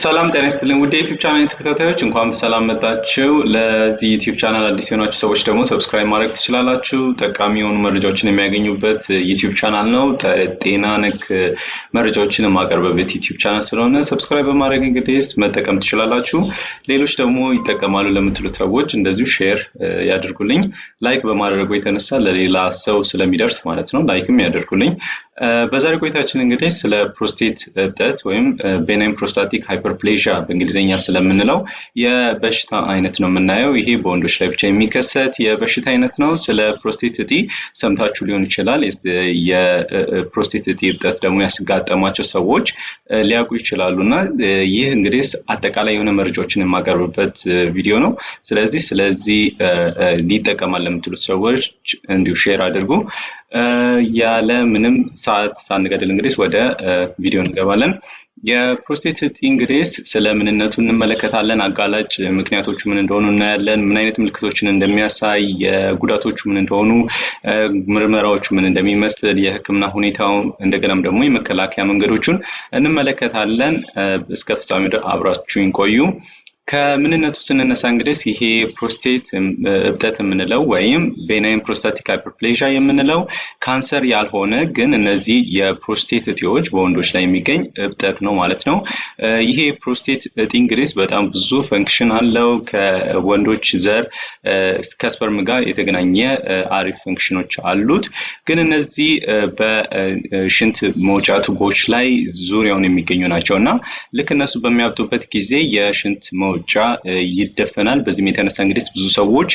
ሰላም ጤና ይስጥልኝ ውድ የዩቲብ ቻናል ተከታታዮች እንኳን በሰላም መጣችሁ። ለዚህ ዩቲብ ቻናል አዲስ የሆናችሁ ሰዎች ደግሞ ሰብስክራይብ ማድረግ ትችላላችሁ። ጠቃሚ የሆኑ መረጃዎችን የሚያገኙበት ዩቲብ ቻናል ነው። ጤና ነክ መረጃዎችን የማቀርብበት ዩትብ ቻናል ስለሆነ ሰብስክራይብ በማድረግ እንግዲህ መጠቀም ትችላላችሁ። ሌሎች ደግሞ ይጠቀማሉ ለምትሉት ሰዎች እንደዚሁ ሼር ያደርጉልኝ ላይክ በማድረጉ የተነሳ ለሌላ ሰው ስለሚደርስ ማለት ነው። ላይክም ያደርጉልኝ። በዛሬ ቆይታችን እንግዲህ ስለ ፕሮስቴት እብጠት ወይም ቤናይን ፕሮስታቲክ ሃይፐርፕሌዥያ በእንግሊዝኛ ስለምንለው የበሽታ አይነት ነው የምናየው። ይሄ በወንዶች ላይ ብቻ የሚከሰት የበሽታ አይነት ነው። ስለ ፕሮስቴት እጢ ሰምታችሁ ሊሆን ይችላል። የፕሮስቴት እጢ እብጠት ደግሞ ያጋጠማቸው ሰዎች ሊያውቁ ይችላሉ እና ይህ እንግዲህ አጠቃላይ የሆነ መረጃዎችን የማቀርብበት ቪዲዮ ነው። ስለዚህ ስለዚህ ሊጠቀማል ለምትሉት ሰዎች እንዲሁ ሼር አድርጉ። ያለ ምንም ሰዓት ሳንገድል እንግዲህ ወደ ቪዲዮ እንገባለን። የፕሮስቴት እንግዲህ ስለ ምንነቱ እንመለከታለን። አጋላጭ ምክንያቶቹ ምን እንደሆኑ እናያለን። ምን አይነት ምልክቶችን እንደሚያሳይ፣ የጉዳቶቹ ምን እንደሆኑ፣ ምርመራዎቹ ምን እንደሚመስል፣ የሕክምና ሁኔታው እንደገናም ደግሞ የመከላከያ መንገዶቹን እንመለከታለን። እስከ ፍጻሜ አብራችሁ ቆዩ። ከምንነቱ ስንነሳ እንግዲህ ይሄ ፕሮስቴት እብጠት የምንለው ወይም ቤናይን ፕሮስታቲክ ሃይፐርፕሌዣ የምንለው ካንሰር ያልሆነ ግን እነዚህ የፕሮስቴት እጢዎች በወንዶች ላይ የሚገኝ እብጠት ነው ማለት ነው። ይሄ ፕሮስቴት እጢ እንግዲህ በጣም ብዙ ፈንክሽን አለው። ከወንዶች ዘር ከስፐርም ጋር የተገናኘ አሪፍ ፈንክሽኖች አሉት። ግን እነዚህ በሽንት መውጫ ቱቦች ላይ ዙሪያውን የሚገኙ ናቸው እና ልክ እነሱ በሚያብጡበት ጊዜ የሽንት መውጫ ሩጫ ይደፈናል። በዚህም የተነሳ እንግዲህ ብዙ ሰዎች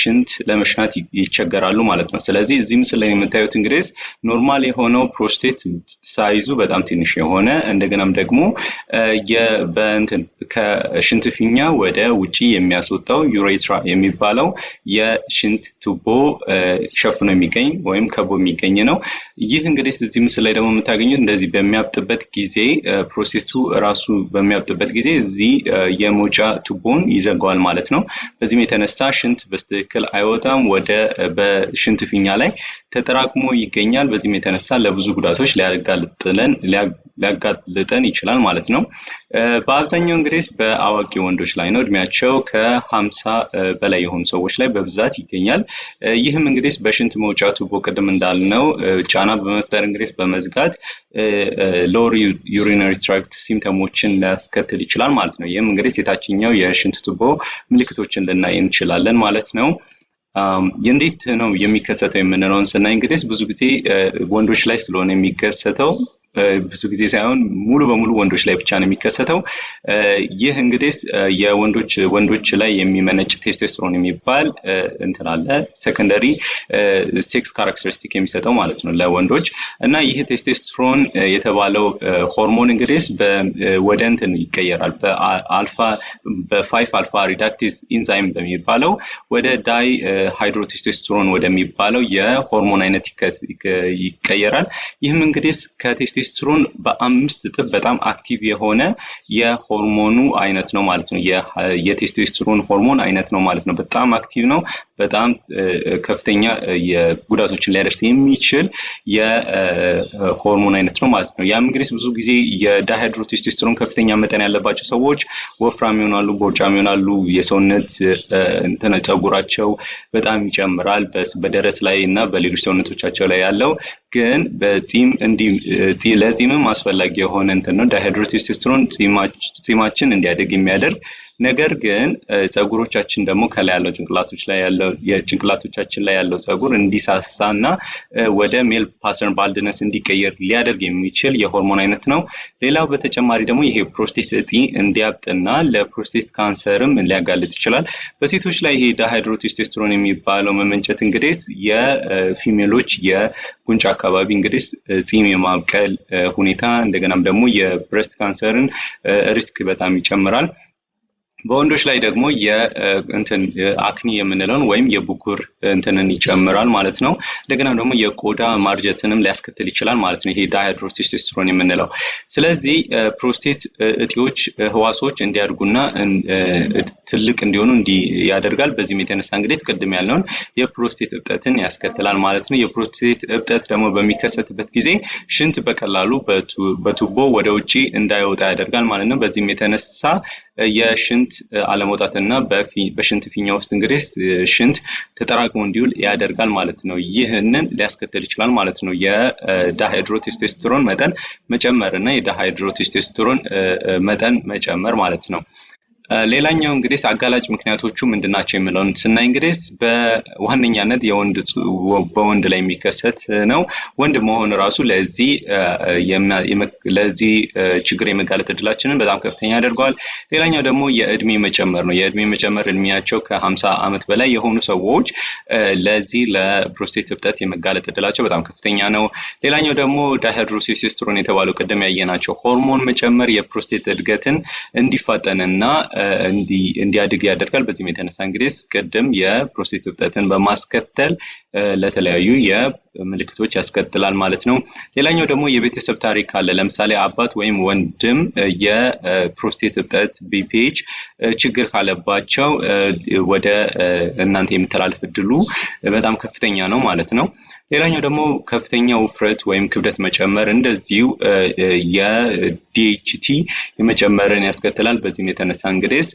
ሽንት ለመሽናት ይቸገራሉ ማለት ነው። ስለዚህ እዚህ ምስል ላይ የምታዩት እንግዲህ ኖርማል የሆነው ፕሮስቴት ሳይዙ በጣም ትንሽ የሆነ እንደገናም ደግሞ በእንትን ከሽንት ፊኛ ወደ ውጪ የሚያስወጣው ዩሬትራ የሚባለው የሽንት ቱቦ ሸፍኖ የሚገኝ ወይም ከቦ የሚገኝ ነው። ይህ እንግዲህ እዚህ ምስል ላይ ደግሞ የምታገኙት እንደዚህ በሚያብጥበት ጊዜ ፕሮሴሱ ራሱ በሚያብጥበት ጊዜ እዚህ የሞ መውጫ ቱቦን ይዘጋዋል ማለት ነው። በዚህም የተነሳ ሽንት በስትክክል አይወጣም። ወደ በሽንት ፊኛ ላይ ተጠራቅሞ ይገኛል። በዚህም የተነሳ ለብዙ ጉዳቶች ሊያጋልጠን ይችላል ማለት ነው። በአብዛኛው እንግዲህ በአዋቂ ወንዶች ላይ ነው። እድሜያቸው ከሀምሳ በላይ የሆኑ ሰዎች ላይ በብዛት ይገኛል። ይህም እንግዲህ በሽንት መውጫ ቱቦ ቅድም እንዳልነው ጫና በመፍጠር እንግዲህ በመዝጋት ሎር ዩሪነሪ ትራክት ሲምተሞችን ሊያስከትል ይችላል ማለት ነው። ይህም እንግዲህ የታችኛው የሽንት ቱቦ ምልክቶችን ልናይ እንችላለን ማለት ነው። እንዴት ነው የሚከሰተው የምንለውን ስናይ እንግዲህ ብዙ ጊዜ ወንዶች ላይ ስለሆነ የሚከሰተው ብዙ ጊዜ ሳይሆን ሙሉ በሙሉ ወንዶች ላይ ብቻ ነው የሚከሰተው። ይህ እንግዲህ የወንዶች ወንዶች ላይ የሚመነጭ ቴስቴስትሮን የሚባል እንትን አለ ሴኮንደሪ ሴክስ ካራክተሪስቲክ የሚሰጠው ማለት ነው ለወንዶች እና ይህ ቴስቴስትሮን የተባለው ሆርሞን እንግዲህ ወደ እንትን ይቀየራል በአልፋ በፋይፍ አልፋ ሪዳክቲቭ ኢንዛይም በሚባለው ወደ ዳይ ሃይድሮቴስቴስትሮን ወደሚባለው የሆርሞን አይነት ይቀየራል። ይህም እንግዲህ ከቴስ ቴስቲስትሮን በአምስት እጥፍ በጣም አክቲቭ የሆነ የሆርሞኑ አይነት ነው ማለት ነው። የቴስቴስትሮን ሆርሞን አይነት ነው ማለት ነው። በጣም አክቲቭ ነው። በጣም ከፍተኛ የጉዳቶችን ሊያደርስ የሚችል የሆርሞን አይነት ነው ማለት ነው። ያም እንግዲህ ብዙ ጊዜ የዳሃይድሮ ቴስቴስትሮን ከፍተኛ መጠን ያለባቸው ሰዎች ወፍራም ይሆናሉ፣ ቦርጫም ይሆናሉ። የሰውነት እንትን ጸጉራቸው በጣም ይጨምራል በደረት ላይ እና በሌሎች ሰውነቶቻቸው ላይ ያለው ግን እንዲ ለጺምም አስፈላጊ የሆነ እንትን ነው። ዳይሃይድሮቴስቴስትሮን ጺማችን እንዲያደግ የሚያደርግ ነገር ግን ፀጉሮቻችን ደግሞ ከላይ ያለው ጭንቅላቶች ላይ ያለው የጭንቅላቶቻችን ላይ ያለው ፀጉር እንዲሳሳ እና ወደ ሜል ፓተርን ባልድነስ እንዲቀየር ሊያደርግ የሚችል የሆርሞን አይነት ነው። ሌላው በተጨማሪ ደግሞ ይሄ ፕሮስቴት እጢ እንዲያብጥና ለፕሮስቴት ካንሰርም ሊያጋልጥ ይችላል። በሴቶች ላይ ይሄ ዳሃይድሮ የሚባለው መመንጨት እንግዲህ የፊሜሎች የጉንጭ አካባቢ እንግዲህ ፂም የማብቀል ሁኔታ እንደገናም ደግሞ የብረስት ካንሰርን ሪስክ በጣም ይጨምራል። በወንዶች ላይ ደግሞ የእንትን አክኒ የምንለውን ወይም የብኩር እንትንን ይጨምራል ማለት ነው። እንደገና ደግሞ የቆዳ ማርጀትንም ሊያስከትል ይችላል ማለት ነው። ይሄ ዳይሃይድሮቴስቶስትሮን የምንለው። ስለዚህ ፕሮስቴት እጢዎች ህዋሶች እንዲያድጉና ትልቅ እንዲሆኑ እንዲህ ያደርጋል። በዚህም የተነሳ እንግዲህ ቅድም ያልነውን የፕሮስቴት እብጠትን ያስከትላል ማለት ነው። የፕሮስቴት እብጠት ደግሞ በሚከሰትበት ጊዜ ሽንት በቀላሉ በቱቦ ወደ ውጭ እንዳይወጣ ያደርጋል ማለት ነው። በዚህም የተነሳ የሽንት አለመውጣትና በሽንት ፊኛ ውስጥ እንግዲህ ሽንት ተጠራቅሞ እንዲውል ያደርጋል ማለት ነው። ይህንን ሊያስከትል ይችላል ማለት ነው። የዳሃይድሮቴስቶስትሮን መጠን መጨመር እና የዳሃይድሮቴስቶስትሮን መጠን መጨመር ማለት ነው። ሌላኛው እንግዲህ አጋላጭ ምክንያቶቹ ምንድናቸው የሚለውን ስናይ እንግዲህ በዋነኛነት በወንድ ላይ የሚከሰት ነው። ወንድ መሆን ራሱ ለዚህ ለዚህ ችግር የመጋለጥ እድላችንን በጣም ከፍተኛ ያደርገዋል። ሌላኛው ደግሞ የእድሜ መጨመር ነው። የእድሜ መጨመር እድሜያቸው ከሀምሳ ዓመት በላይ የሆኑ ሰዎች ለዚህ ለፕሮስቴት እብጠት የመጋለጥ እድላቸው በጣም ከፍተኛ ነው። ሌላኛው ደግሞ ዳይሃይድሮቴስቶስተሮን የተባለው ቅድም ያየናቸው ሆርሞን መጨመር የፕሮስቴት እድገትን እንዲፋጠንና እንዲያድግ ያደርጋል። በዚህም የተነሳ እንግዲህ ቅድም የፕሮስቴት እብጠትን በማስከተል ለተለያዩ የምልክቶች ያስከትላል ማለት ነው። ሌላኛው ደግሞ የቤተሰብ ታሪክ አለ። ለምሳሌ አባት ወይም ወንድም የፕሮስቴት እብጠት ቢፒኤች ችግር ካለባቸው ወደ እናንተ የመተላለፍ እድሉ በጣም ከፍተኛ ነው ማለት ነው። ሌላኛው ደግሞ ከፍተኛ ውፍረት ወይም ክብደት መጨመር እንደዚሁ የዲኤችቲ መጨመርን ያስከትላል። በዚህም የተነሳ እንግዲህ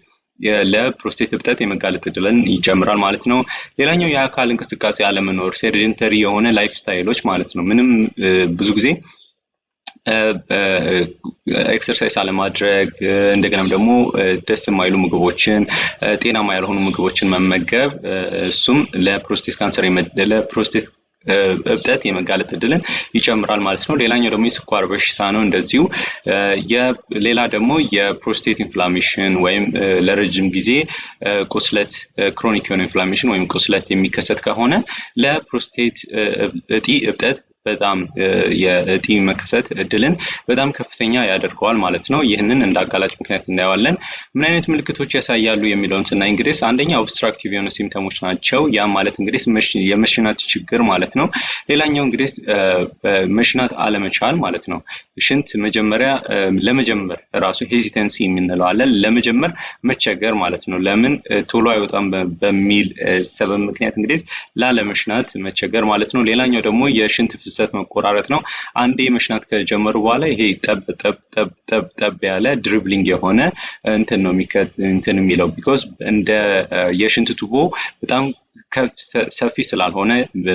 ለፕሮስቴት እብጠት የመጋለጥ እድልን ይጨምራል ማለት ነው። ሌላኛው የአካል እንቅስቃሴ አለመኖር፣ ሴዴንተሪ የሆነ ላይፍ ስታይሎች ማለት ነው። ምንም ብዙ ጊዜ ኤክሰርሳይስ አለማድረግ እንደገናም ደግሞ ደስ የማይሉ ምግቦችን ጤናማ ያልሆኑ ምግቦችን መመገብ እሱም ለፕሮስቴት ካንሰር ለፕሮስቴት እብጠት የመጋለጥ እድልን ይጨምራል ማለት ነው። ሌላኛው ደግሞ የስኳር በሽታ ነው እንደዚሁ። ሌላ ደግሞ የፕሮስቴት ኢንፍላሜሽን ወይም ለረጅም ጊዜ ቁስለት ክሮኒክ የሆነ ኢንፍላሜሽን ወይም ቁስለት የሚከሰት ከሆነ ለፕሮስቴት እጢ እብጠት በጣም የእጢ መከሰት እድልን በጣም ከፍተኛ ያደርገዋል ማለት ነው። ይህንን እንደ አጋላጭ ምክንያት እናየዋለን። ምን አይነት ምልክቶች ያሳያሉ የሚለውን ስናይ እንግዲህ አንደኛ ኦብስትራክቲቭ የሆኑ ሲምተሞች ናቸው። ያ ማለት እንግዲህ የመሽናት ችግር ማለት ነው። ሌላኛው እንግዲህ መሽናት አለመቻል ማለት ነው። ሽንት መጀመሪያ ለመጀመር ራሱ ሄዚተንሲ የምንለው ለመጀመር መቸገር ማለት ነው። ለምን ቶሎ አይወጣም በሚል ሰበብ ምክንያት እንግዲህ ላለመሽናት መቸገር ማለት ነው። ሌላኛው ደግሞ የሽንት ፍሰት መቆራረጥ ነው። አንዴ መሽናት ከጀመሩ በኋላ ይሄ ጠብ ጠብ ጠብ ጠብ ያለ ድሪብሊንግ የሆነ እንትን ነው እንትን የሚለው ቢኮዝ እንደ የሽንት ቱቦ በጣም ሰፊ ስላልሆነ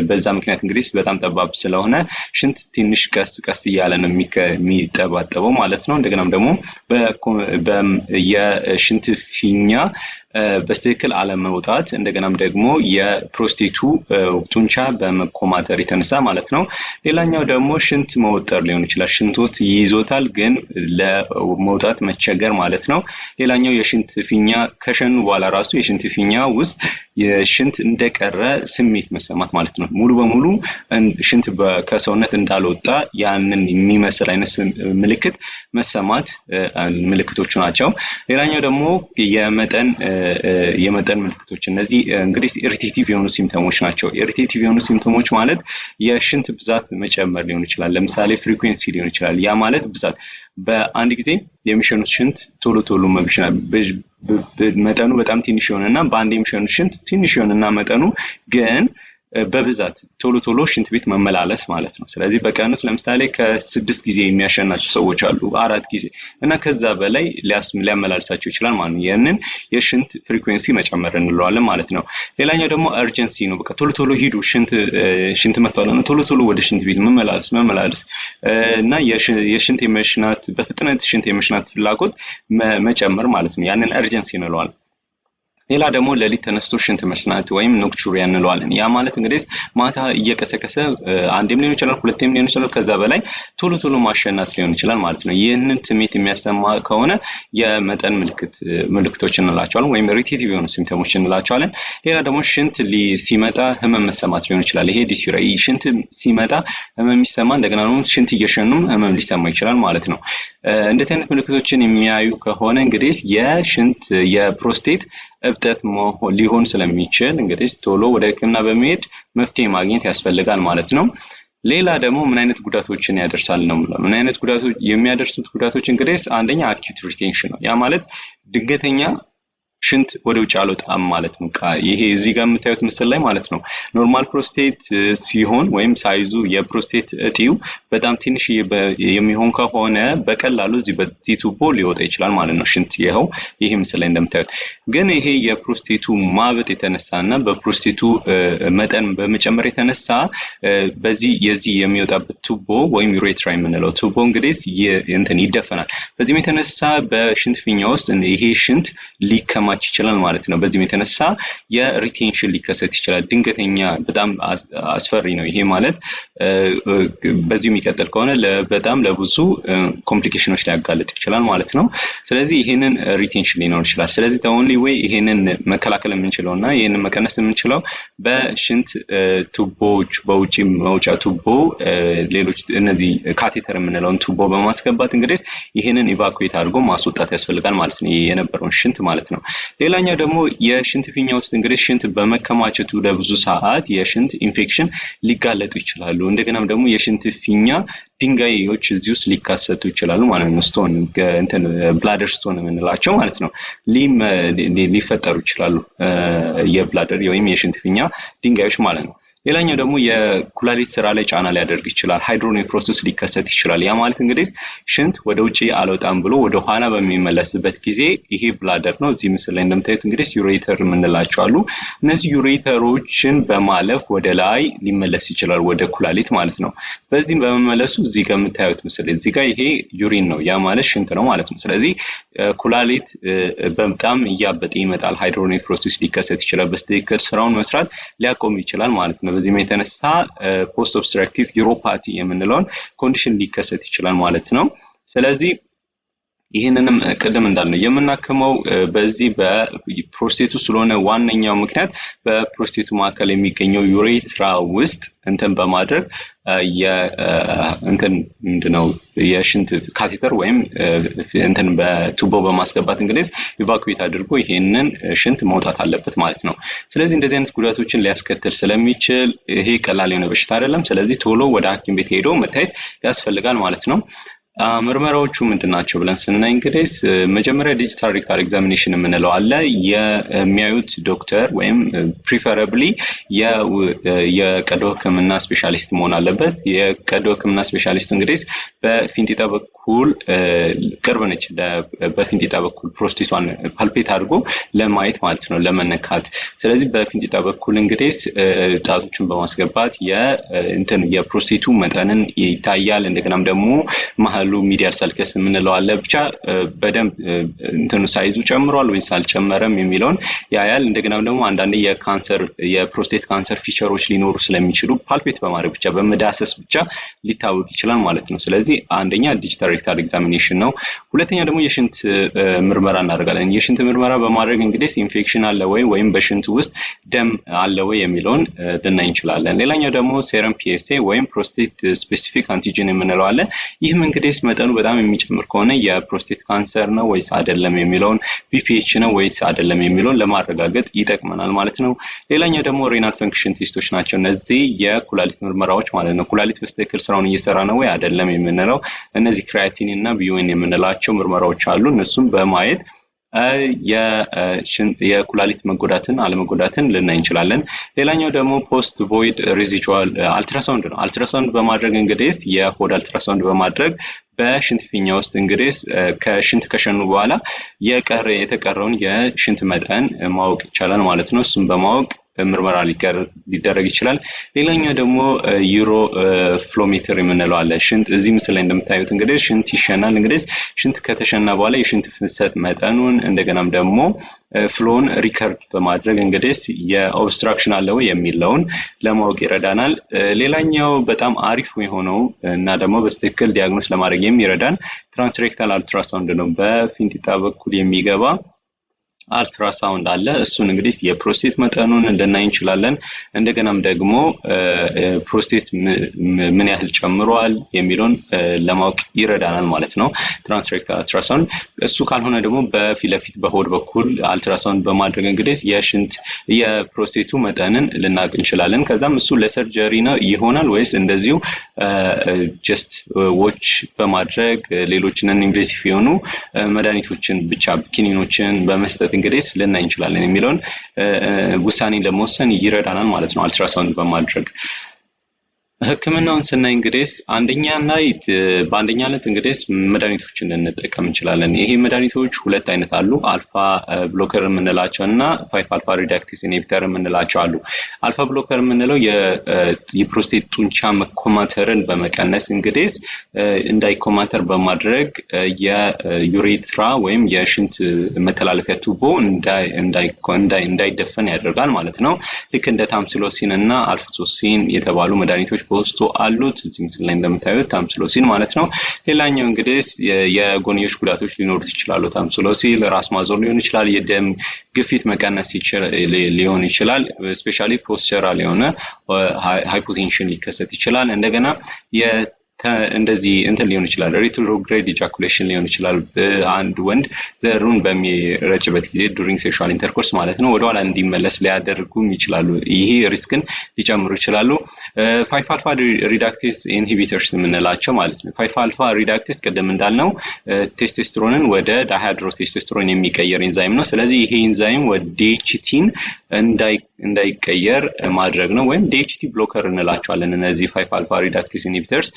በዛ ምክንያት እንግዲህ በጣም ጠባብ ስለሆነ ሽንት ትንሽ ቀስ ቀስ እያለ ነው የሚጠባጠበው ማለት ነው። እንደገናም ደግሞ የሽንት ፊኛ በስትክክል አለመውጣት እንደገናም ደግሞ የፕሮስቴቱ ጡንቻ በመኮማተር የተነሳ ማለት ነው። ሌላኛው ደግሞ ሽንት መወጠር ሊሆን ይችላል። ሽንቶት ይይዞታል ግን ለመውጣት መቸገር ማለት ነው። ሌላኛው የሽንት ፊኛ ከሸኑ በኋላ ራሱ የሽንት ፊኛ ውስጥ የሽንት እንደቀረ ስሜት መሰማት ማለት ነው። ሙሉ በሙሉ ሽንት ከሰውነት እንዳልወጣ ያንን የሚመስል አይነት ምልክት መሰማት ምልክቶቹ ናቸው። ሌላኛው ደግሞ የመጠን የመጠን ምልክቶች፣ እነዚህ እንግዲህ ኢሪቴቲቭ የሆኑ ሲምተሞች ናቸው። ኢሪቴቲቭ የሆኑ ሲምተሞች ማለት የሽንት ብዛት መጨመር ሊሆን ይችላል። ለምሳሌ ፍሪኩዌንሲ ሊሆን ይችላል። ያ ማለት ብዛት በአንድ ጊዜ የሚሸኑት ሽንት ቶሎ ቶሎ መጠኑ በጣም ትንሽ የሆነና በአንድ የሚሸኑት ሽንት ትንሽ የሆነና መጠኑ ግን በብዛት ቶሎ ቶሎ ሽንት ቤት መመላለስ ማለት ነው። ስለዚህ በቀን ውስጥ ለምሳሌ ከስድስት ጊዜ የሚያሸናቸው ሰዎች አሉ፣ አራት ጊዜ እና ከዛ በላይ ሊያመላልሳቸው ይችላል ማለት ነው። ይህንን የሽንት ፍሪኩዌንሲ መጨመር እንለዋለን ማለት ነው። ሌላኛው ደግሞ እርጀንሲ ነው። በቃ ቶሎ ቶሎ ሂዱ፣ ሽንት መጥቷል ነው፣ ቶሎ ቶሎ ወደ ሽንት ቤት መመላለስ መመላለስ እና የሽንት የመሽናት በፍጥነት ሽንት የመሽናት ፍላጎት መጨመር ማለት ነው። ያንን እርጀንሲ እንለዋለን። ሌላ ደግሞ ሌሊት ተነስቶ ሽንት መስናት ወይም ኖክቹሪያ እንለዋለን። ያ ማለት እንግዲህ ማታ እየቀሰቀሰ አንዴም ሊሆን ይችላል፣ ሁለቴም ሊሆን ይችላል፣ ከዛ በላይ ቶሎ ቶሎ ማሸናት ሊሆን ይችላል ማለት ነው። ይህንን ስሜት የሚያሰማ ከሆነ የመጠን ምልክት ምልክቶች እንላቸዋለን፣ ወይም ሪቴቲቭ የሆኑ ሲምፕተሞች እንላቸዋለን። ሌላ ደግሞ ሽንት ሲመጣ ህመም መሰማት ሊሆን ይችላል። ይሄ ዲስዩራ ሽንት ሲመጣ ህመም የሚሰማ እንደገና ደግሞ ሽንት እየሸኑም ህመም ሊሰማ ይችላል ማለት ነው። እንደዚህ አይነት ምልክቶችን የሚያዩ ከሆነ እንግዲህ የሽንት የፕሮስቴት እብጠት ሊሆን ስለሚችል እንግዲህ ቶሎ ወደ ሕክምና በመሄድ መፍትሄ ማግኘት ያስፈልጋል ማለት ነው። ሌላ ደግሞ ምን አይነት ጉዳቶችን ያደርሳል ነው የምለው። ምን አይነት ጉዳቶች የሚያደርሱት ጉዳቶች እንግዲህ አንደኛ አኪዩት ሪቴንሽን ነው። ያ ማለት ድንገተኛ ሽንት ወደ ውጭ አልወጣም ማለት ነው። ይሄ እዚህ ጋር የምታዩት ምስል ላይ ማለት ነው። ኖርማል ፕሮስቴት ሲሆን ወይም ሳይዙ የፕሮስቴት እጢው በጣም ትንሽ የሚሆን ከሆነ በቀላሉ እዚህ በዚህ ቱቦ ሊወጣ ይችላል ማለት ነው ሽንት። ይኸው ይሄ ምስል ላይ እንደምታዩት ግን ይሄ የፕሮስቴቱ ማበጥ የተነሳ እና በፕሮስቴቱ መጠን በመጨመር የተነሳ በዚህ የዚህ የሚወጣበት ቱቦ ወይም ዩሬትራ የምንለው ቱቦ እንግዲህ እንትን ይደፈናል። በዚህም የተነሳ በሽንት ፊኛ ውስጥ ይሄ ሽንት ሊከማ ሊያከማች ይችላል ማለት ነው። በዚህም የተነሳ የሪቴንሽን ሊከሰት ይችላል። ድንገተኛ በጣም አስፈሪ ነው። ይሄ ማለት በዚሁ የሚቀጥል ከሆነ በጣም ለብዙ ኮምፕሊኬሽኖች ሊያጋልጥ ይችላል ማለት ነው። ስለዚህ ይህንን ሪቴንሽን ሊኖር ይችላል። ስለዚህ ተኦንሊ ወይ ይህንን መከላከል የምንችለው እና ይህንን መቀነስ የምንችለው በሽንት ቱቦዎች፣ በውጭ መውጫ ቱቦ፣ ሌሎች እነዚህ ካቴተር የምንለውን ቱቦ በማስገባት እንግዲህ ይህንን ኢቫኩዌት አድርጎ ማስወጣት ያስፈልጋል ማለት ነው። የነበረውን ሽንት ማለት ነው። ሌላኛው ደግሞ የሽንት ፊኛ ውስጥ እንግዲህ ሽንት በመከማቸቱ ለብዙ ሰዓት የሽንት ኢንፌክሽን ሊጋለጡ ይችላሉ። እንደገናም ደግሞ የሽንት ፊኛ ድንጋዮች እዚህ ውስጥ ሊካሰቱ ይችላሉ ማለት ነው። ስቶን እንትን ብላደር ስቶን የምንላቸው ማለት ነው ሊፈጠሩ ይችላሉ። የብላደር ወይም የሽንት ፊኛ ድንጋዮች ማለት ነው። ሌላኛው ደግሞ የኩላሊት ስራ ላይ ጫና ሊያደርግ ይችላል። ሃይድሮኔፍሮሲስ ሊከሰት ይችላል። ያ ማለት እንግዲህ ሽንት ወደ ውጭ አልወጣም ብሎ ወደ ኋላ በሚመለስበት ጊዜ ይሄ ብላደር ነው። እዚህ ምስል ላይ እንደምታዩት እንግዲህ ዩሬተር የምንላቸው አሉ። እነዚህ ዩሬተሮችን በማለፍ ወደ ላይ ሊመለስ ይችላል፣ ወደ ኩላሊት ማለት ነው። በዚህም በመመለሱ እዚህ ጋር የምታዩት ምስል እዚህ ጋር ይሄ ዩሪን ነው። ያ ማለት ሽንት ነው ማለት ነው። ስለዚህ ኩላሊት በጣም እያበጠ ይመጣል። ሃይድሮኔፍሮሲስ ሊከሰት ይችላል። በስትክክል ስራውን መስራት ሊያቆም ይችላል ማለት ነው። ነው። በዚህም የተነሳ ፖስት ኦብስትራክቲቭ ዩሮፓቲ የምንለውን ኮንዲሽን ሊከሰት ይችላል ማለት ነው። ስለዚህ ይህንንም ቅድም እንዳልነው የምናክመው በዚህ በፕሮስቴቱ ስለሆነ ዋነኛው ምክንያት በፕሮስቴቱ መካከል የሚገኘው ዩሬትራ ውስጥ እንትን በማድረግ እንትን ምንድነው የሽንት ካቴተር ወይም እንትን በቱቦ በማስገባት እንግዲህ ኢቫኩዌት አድርጎ ይሄንን ሽንት መውጣት አለበት ማለት ነው። ስለዚህ እንደዚህ አይነት ጉዳቶችን ሊያስከትል ስለሚችል ይሄ ቀላል የሆነ በሽታ አይደለም። ስለዚህ ቶሎ ወደ ሐኪም ቤት ሄዶ መታየት ያስፈልጋል ማለት ነው። ምርመራዎቹ ምንድን ናቸው ብለን ስናይ እንግዲህ መጀመሪያ ዲጂታል ሪክታል ኤግዛሚኔሽን የምንለው አለ። የሚያዩት ዶክተር ወይም ፕሪፈረብሊ የቀዶ ሕክምና ስፔሻሊስት መሆን አለበት። የቀዶ ሕክምና ስፔሻሊስቱ እንግዲህ በፊንጢጣ በኩል ቅርብ ነች። በፊንጢጣ በኩል ፕሮስቲቷን ፓልፔት አድርጎ ለማየት ማለት ነው፣ ለመነካት። ስለዚህ በፊንጢጣ በኩል እንግዲህ ጣቶችን በማስገባት የእንትን የፕሮስቴቱ መጠንን ይታያል። እንደገናም ደግሞ መሀል ያሉ ሚዲያል ሴል ኬስ የምንለው አለ። ብቻ በደንብ እንትኑ ሳይዙ ጨምሯል ወይስ አልጨመረም የሚለውን ያያል። እንደገናም ደግሞ አንዳንድ የካንሰር የፕሮስቴት ካንሰር ፊቸሮች ሊኖሩ ስለሚችሉ ፓልፔት በማድረግ ብቻ በመዳሰስ ብቻ ሊታወቅ ይችላል ማለት ነው። ስለዚህ አንደኛ ዲጂታል ሬክታል ኤግዛሚኔሽን ነው። ሁለተኛ ደግሞ የሽንት ምርመራ እናደርጋለን። የሽንት ምርመራ በማድረግ እንግዲህ ኢንፌክሽን አለ ወይ ወይም በሽንት ውስጥ ደም አለ ወይ የሚለውን ልናይ እንችላለን። ሌላኛው ደግሞ ሴረም ፒኤስኤ ወይም ፕሮስቴት ስፔሲፊክ አንቲጂን የምንለው አለ። ይህም እንግዲህ ቢፒኤች መጠኑ በጣም የሚጨምር ከሆነ የፕሮስቴት ካንሰር ነው ወይስ አይደለም የሚለውን ቢፒኤች ነው ወይስ አይደለም የሚለውን ለማረጋገጥ ይጠቅመናል ማለት ነው። ሌላኛው ደግሞ ሬናል ፈንክሽን ቴስቶች ናቸው። እነዚህ የኩላሊት ምርመራዎች ማለት ነው። ኩላሊት በስትክክል ስራውን እየሰራ ነው ወይ አይደለም የምንለው እነዚህ ክሪያቲን እና ቢዩን የምንላቸው ምርመራዎች አሉ። እነሱም በማየት የኩላሊት መጎዳትን አለመጎዳትን ልናይ እንችላለን። ሌላኛው ደግሞ ፖስት ቮይድ ሬዚጁዋል አልትራሳውንድ ነው። አልትራሳውንድ በማድረግ እንግዲህ የሆድ አልትራሳውንድ በማድረግ በሽንት ፊኛ ውስጥ እንግዲህ ከሽንት ከሸኑ በኋላ የቀረ የተቀረውን የሽንት መጠን ማወቅ ይቻላል ማለት ነው። እሱም በማወቅ ምርመራ ሊደረግ ይችላል። ሌላኛው ደግሞ ዩሮ ፍሎሜትር የምንለው አለ። ሽንት እዚህ ምስል ላይ እንደምታዩት እንግዲህ ሽንት ይሸናል። እንግዲህ ሽንት ከተሸና በኋላ የሽንት ፍሰት መጠኑን እንደገናም ደግሞ ፍሎን ሪከርድ በማድረግ እንግዲህ የኦብስትራክሽን አለው የሚለውን ለማወቅ ይረዳናል። ሌላኛው በጣም አሪፍ የሆነው እና ደግሞ በስትክክል ዲያግኖስ ለማድረግ የሚረዳን ትራንስሬክታል አልትራሳውንድ ነው። በፊንጢጣ በኩል የሚገባ አልትራሳውንድ አለ። እሱን እንግዲህ የፕሮስቴት መጠኑን ልናይ እንችላለን። እንደገናም ደግሞ ፕሮስቴት ምን ያህል ጨምሯል የሚለውን ለማወቅ ይረዳናል ማለት ነው ትራንስሬክታል አልትራሳውንድ። እሱ ካልሆነ ደግሞ በፊት ለፊት በሆድ በኩል አልትራሳውንድ በማድረግ እንግዲህ የሽንት የፕሮስቴቱ መጠንን ልናውቅ እንችላለን። ከዛም እሱ ለሰርጀሪ ነው ይሆናል ወይስ እንደዚሁ ጀስት ዎች በማድረግ ሌሎችንን ኢንቬሲቭ የሆኑ መድኃኒቶችን ብቻ ኪኒኖችን በመስጠት እንግዲህ ልናይ እንችላለን የሚለውን ውሳኔ ለመወሰን ይረዳናል ማለት ነው አልትራሳውንድ በማድረግ ህክምናውን ስናይ እንግዲህ አንደኛ ላይ በአንደኛነት እንግዲህ መድኃኒቶችን ልንጠቀም እንችላለን። ይሄ መድኃኒቶች ሁለት አይነት አሉ። አልፋ ብሎከር የምንላቸው እና ፋይፍ አልፋ ሪዳክቲቭ ኢንሂቢተር የምንላቸው አሉ። አልፋ ብሎከር የምንለው የፕሮስቴት ጡንቻ መኮማተርን በመቀነስ እንግዲህ እንዳይኮማተር በማድረግ የዩሬትራ ወይም የሽንት መተላለፊያ ቱቦ እንዳይደፈን ያደርጋል ማለት ነው። ልክ እንደ ታምሲሎሲን እና አልፍቶሲን የተባሉ መድኃኒቶች በውስጡ አሉት። እዚህ ምስል ላይ እንደምታዩት ታምስሎሲን ማለት ነው። ሌላኛው እንግዲህ የጎንዮሽ ጉዳቶች ሊኖሩት ይችላሉ። ታምስሎሲል ራስ ማዞር ሊሆን ይችላል። የደም ግፊት መቀነስ ሊሆን ይችላል። ስፔሻሊ ፖስቸራል የሆነ ሃይፖቴንሽን ሊከሰት ይችላል። እንደገና እንደዚህ እንትን ሊሆን ይችላል፣ ሪትሮግሬድ ኢጃኩሌሽን ሊሆን ይችላል። አንድ ወንድ ዘሩን በሚረጭበት ጊዜ ዱሪንግ ሴክሹዋል ኢንተርኮርስ ማለት ነው ወደኋላ እንዲመለስ ሊያደርጉም ይችላሉ። ይሄ ሪስክን ሊጨምሩ ይችላሉ። ፋይፍ አልፋ ሪዳክቴስ ኢንሂቢተርስ የምንላቸው ማለት ነው። ፋይፍ አልፋ ሪዳክቴስ ቅድም እንዳልነው ቴስቴስትሮንን ወደ ዳሃይድሮ ቴስቴስትሮን የሚቀየር ኢንዛይም ነው። ስለዚህ ይሄ ኢንዛይም ወደ ዲኤችቲን እንዳይ እንዳይቀየር ማድረግ ነው። ወይም ዲኤችቲ ብሎከር እንላቸዋለን። እነዚህ ፋይፍ አልፋ ሪዳክቲስ ኢንሂቢተርስ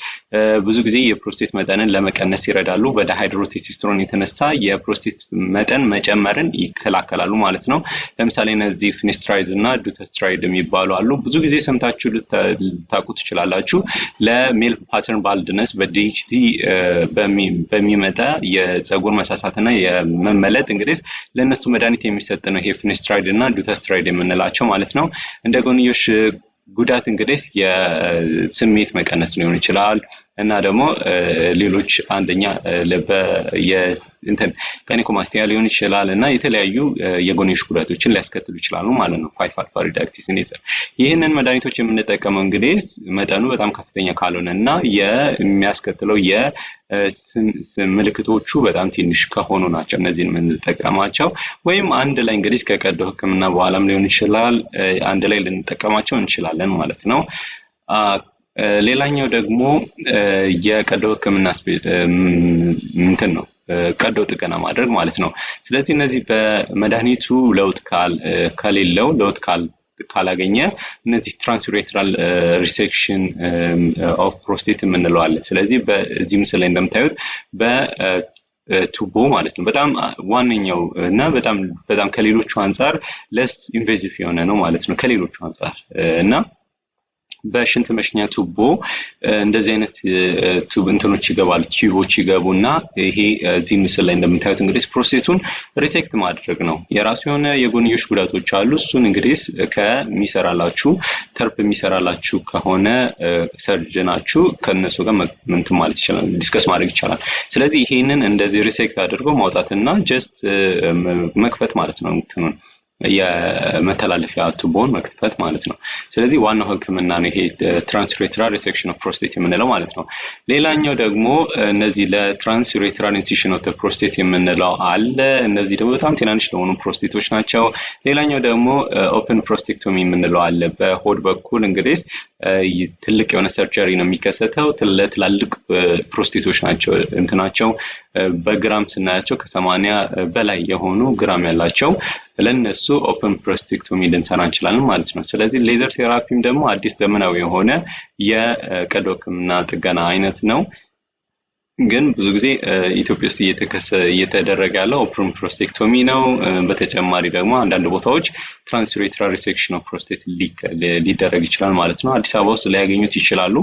ብዙ ጊዜ የፕሮስቴት መጠንን ለመቀነስ ይረዳሉ። በዳሃይድሮቴስቶስትሮን የተነሳ የፕሮስቴት መጠን መጨመርን ይከላከላሉ ማለት ነው። ለምሳሌ እነዚህ ፍኒስትራይድ እና ዱተስትራይድ የሚባሉ አሉ። ብዙ ጊዜ ሰምታችሁ ልታውቁ ትችላላችሁ። ለሜል ፓተርን ባልድነስ በዲኤችቲ በሚመጣ የፀጉር መሳሳትና የመመለጥ እንግዲህ ለእነሱ መድኃኒት የሚሰጥ ነው ይሄ ፊኔስትራይድ እና ዱተስትራይድ የምንላቸው ማለት ነው። እንደ ጎንዮሽ ጉዳት እንግዲህ የስሜት መቀነስ ሊሆን ይችላል፣ እና ደግሞ ሌሎች አንደኛ ኒኮማስቲያ ሊሆን ይችላል እና የተለያዩ የጎንዮሽ ጉዳቶችን ሊያስከትሉ ይችላሉ ማለት ነው። ፋይቭ አልፋ ሪዳክቲቭ ይህንን መድኃኒቶች የምንጠቀመው እንግዲህ መጠኑ በጣም ከፍተኛ ካልሆነ እና የሚያስከትለው ምልክቶቹ በጣም ትንሽ ከሆኑ ናቸው እነዚህን የምንጠቀማቸው ወይም አንድ ላይ እንግዲህ ከቀዶ ሕክምና በኋላም ሊሆን ይችላል አንድ ላይ ልንጠቀማቸው እንችላለን ማለት ነው። ሌላኛው ደግሞ የቀዶ ሕክምና እንትን ነው ቀዶ ጥገና ማድረግ ማለት ነው። ስለዚህ እነዚህ በመድኃኒቱ ለውጥ ከሌለው ለውጥ ካላገኘ እነዚህ ትራንስሬትራል ሪሴክሽን ኦፍ ፕሮስቴት የምንለዋለን። ስለዚህ በዚህ ምስል ላይ እንደምታዩት በቱቦ ማለት ነው። በጣም ዋነኛው እና በጣም በጣም ከሌሎቹ አንጻር ለስ ኢንቬዚቭ የሆነ ነው ማለት ነው ከሌሎቹ አንጻር እና በሽንት መሽኛ ቱቦ እንደዚህ አይነት እንትኖች ይገባል፣ ቲዩቦች ይገቡና ይሄ እዚህ ምስል ላይ እንደምታዩት እንግዲህ ፕሮሴቱን ሪሴክት ማድረግ ነው። የራሱ የሆነ የጎንዮሽ ጉዳቶች አሉ። እሱን እንግዲህ ከሚሰራላችሁ ተርፕ የሚሰራላችሁ ከሆነ ሰርጅናችሁ ከነሱ ጋር እንትን ማለት ይችላል፣ ዲስከስ ማድረግ ይቻላል። ስለዚህ ይሄንን እንደዚህ ሪሴክት አድርጎ ማውጣትና ጀስት መክፈት ማለት ነው እንትኑን የመተላለፊያ ቱቦን መክፈት ማለት ነው። ስለዚህ ዋናው ህክምና ነው ይሄ ትራንስዩሬትራል ሪሴክሽን ኦፍ ፕሮስቴት የምንለው ማለት ነው። ሌላኛው ደግሞ እነዚህ ለትራንስዩሬትራል ኢንሲሽን ኦፍ ፕሮስቴት የምንለው አለ። እነዚህ ደግሞ በጣም ትናንሽ ለሆኑ ፕሮስቴቶች ናቸው። ሌላኛው ደግሞ ኦፕን ፕሮስቴክቶሚ የምንለው አለ። በሆድ በኩል እንግዲህ ትልቅ የሆነ ሰርጀሪ ነው የሚከሰተው። ለትላልቅ ፕሮስቴቶች ናቸው እንትናቸው በግራም ስናያቸው ከሰማንያ በላይ የሆኑ ግራም ያላቸው ለነሱ ኦፕን ፕሮስቴክቶሚ ልንሰራ እንችላለን ማለት ነው። ስለዚህ ሌዘር ቴራፒም ደግሞ አዲስ ዘመናዊ የሆነ የቀዶ ሕክምና ጥገና አይነት ነው። ግን ብዙ ጊዜ ኢትዮጵያ ውስጥ እየተደረገ ያለው ኦፕን ፕሮስቴክቶሚ ነው። በተጨማሪ ደግሞ አንዳንድ ቦታዎች ትራንስዩሬትራል ሪሴክሽን ኦፍ ፕሮስቴት ሊደረግ ይችላል ማለት ነው። አዲስ አበባ ውስጥ ሊያገኙት ይችላሉ።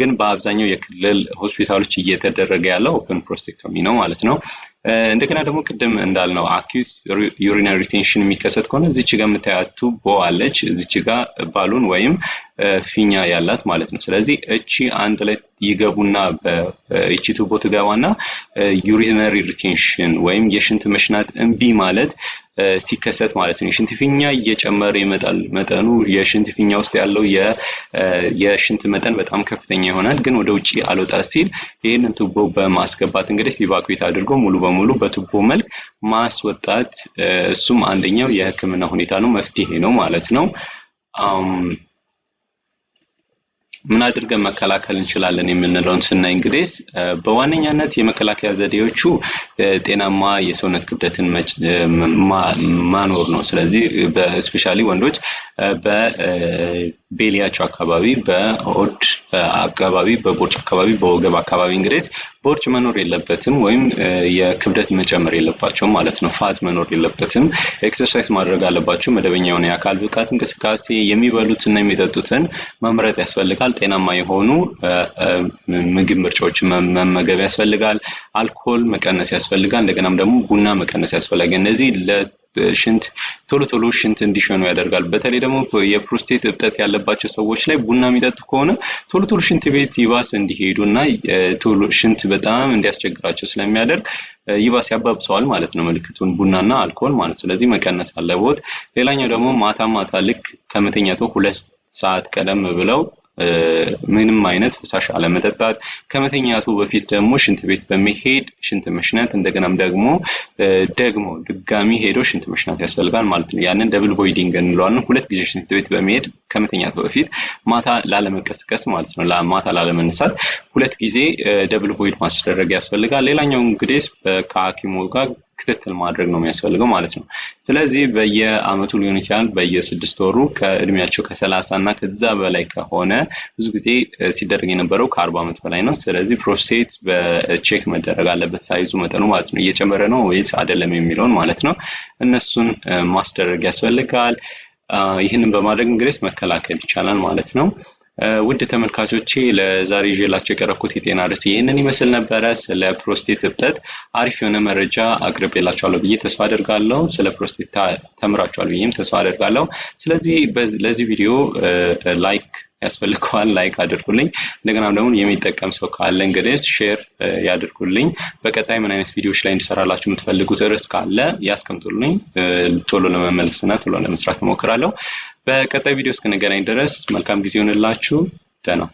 ግን በአብዛኛው የክልል ሆስፒታሎች እየተደረገ ያለው ኦፕን ፕሮስቴክቶሚ ነው ማለት ነው። እንደገና ደግሞ ቅድም እንዳልነው አኪዩት ዩሪና ሪቴንሽን የሚከሰት ከሆነ እዚች ጋ የምታያት ቱቦ አለች፣ እዚች ጋ ባሉን ወይም ፊኛ ያላት ማለት ነው። ስለዚህ እቺ አንድ ላይ ይገቡና እቺ ቱቦ ትገባና ዩሪናሪ ሪቴንሽን ወይም የሽንት መሽናት እምቢ ማለት ሲከሰት ማለት ነው። የሽንት ፊኛ እየጨመረ ይመጣል። መጠኑ የሽንት ፊኛ ውስጥ ያለው የሽንት መጠን በጣም ከፍተኛ ይሆናል። ግን ወደ ውጭ አልወጣ ሲል ይህንን ቱቦ በማስገባት እንግዲህ ሲቫኩዌት አድርጎ ሙሉ በሙሉ በቱቦ መልክ ማስወጣት፣ እሱም አንደኛው የህክምና ሁኔታ ነው፣ መፍትሄ ነው ማለት ነው። ምን አድርገን መከላከል እንችላለን የምንለውን ስናይ እንግዲህ በዋነኛነት የመከላከያ ዘዴዎቹ ጤናማ የሰውነት ክብደትን ማኖር ነው። ስለዚህ በስፔሻሊ ወንዶች ቤሊያቸው አካባቢ በሆድ አካባቢ በቦርጭ አካባቢ በወገብ አካባቢ እንግዲህ ቦርጭ መኖር የለበትም ወይም የክብደት መጨመር የለባቸውም ማለት ነው። ፋት መኖር የለበትም። ኤክሰርሳይዝ ማድረግ አለባቸው። መደበኛ የሆነ የአካል ብቃት እንቅስቃሴ፣ የሚበሉትና የሚጠጡትን መምረጥ ያስፈልጋል። ጤናማ የሆኑ ምግብ ምርጫዎችን መመገብ ያስፈልጋል። አልኮል መቀነስ ያስፈልጋል። እንደገናም ደግሞ ቡና መቀነስ ያስፈልጋል። እነዚህ ሽንት ቶሎ ቶሎ ሽንት እንዲሸኑ ያደርጋል። በተለይ ደግሞ የፕሮስቴት እብጠት ያለባቸው ሰዎች ላይ ቡና የሚጠጡ ከሆነ ቶሎ ቶሎ ሽንት ቤት ይባስ እንዲሄዱ እና ቶሎ ሽንት በጣም እንዲያስቸግራቸው ስለሚያደርግ ይባስ ያባብሰዋል ማለት ነው ምልክቱን ቡናና አልኮል ማለት ስለዚህ መቀነስ አለቦት። ሌላኛው ደግሞ ማታ ማታ ልክ ከመተኛቶ ሁለት ሰዓት ቀደም ብለው ምንም አይነት ፈሳሽ አለመጠጣት፣ ከመተኛቱ በፊት ደግሞ ሽንት ቤት በመሄድ ሽንት መሽናት፣ እንደገናም ደግሞ ደግሞ ድጋሚ ሄዶ ሽንት መሽናት ያስፈልጋል ማለት ነው። ያንን ደብል ቮይዲንግ እንለዋለን። ሁለት ጊዜ ሽንት ቤት በመሄድ ከመተኛቱ በፊት ማታ ላለመቀስቀስ ማለት ነው፣ ማታ ላለመነሳት ሁለት ጊዜ ደብል ቮይድ ማስደረግ ያስፈልጋል። ሌላኛው እንግዲህ ከሐኪሙ ጋር ክትትል ማድረግ ነው የሚያስፈልገው ማለት ነው። ስለዚህ በየአመቱ ሊሆን ይችላል በየስድስት ወሩ ከእድሜያቸው ከሰላሳ እና ከዛ በላይ ከሆነ ብዙ ጊዜ ሲደረግ የነበረው ከአርባ ዓመት በላይ ነው። ስለዚህ ፕሮስቴት በቼክ መደረግ አለበት፣ ሳይዙ መጠኑ ማለት ነው እየጨመረ ነው ወይስ አይደለም የሚለውን ማለት ነው። እነሱን ማስደረግ ያስፈልጋል። ይህንን በማድረግ እንግዲህ መከላከል ይቻላል ማለት ነው። ውድ ተመልካቾቼ ለዛሬ ይዤላቸው የቀረብኩት የጤና ርዕስ ይህንን ይመስል ነበረ። ስለ ፕሮስቴት እብጠት አሪፍ የሆነ መረጃ አቅርቤላችኋለሁ ብዬ ተስፋ አደርጋለሁ። ስለ ፕሮስቴት ተምራችኋል ብዬም ተስፋ አደርጋለሁ። ስለዚህ ለዚህ ቪዲዮ ላይክ ያስፈልገዋል ላይክ አድርጉልኝ። እንደገናም ደግሞ የሚጠቀም ሰው ካለ እንግዲህ ሼር ያድርጉልኝ። በቀጣይ ምን አይነት ቪዲዮዎች ላይ እንዲሰራላችሁ የምትፈልጉት ርዕስ ካለ ያስቀምጡልኝ። ቶሎ ለመመለስና ቶሎ ለመስራት እሞክራለሁ። በቀጣይ ቪዲዮ እስክንገናኝ ድረስ መልካም ጊዜ ይሆንላችሁ። ደህና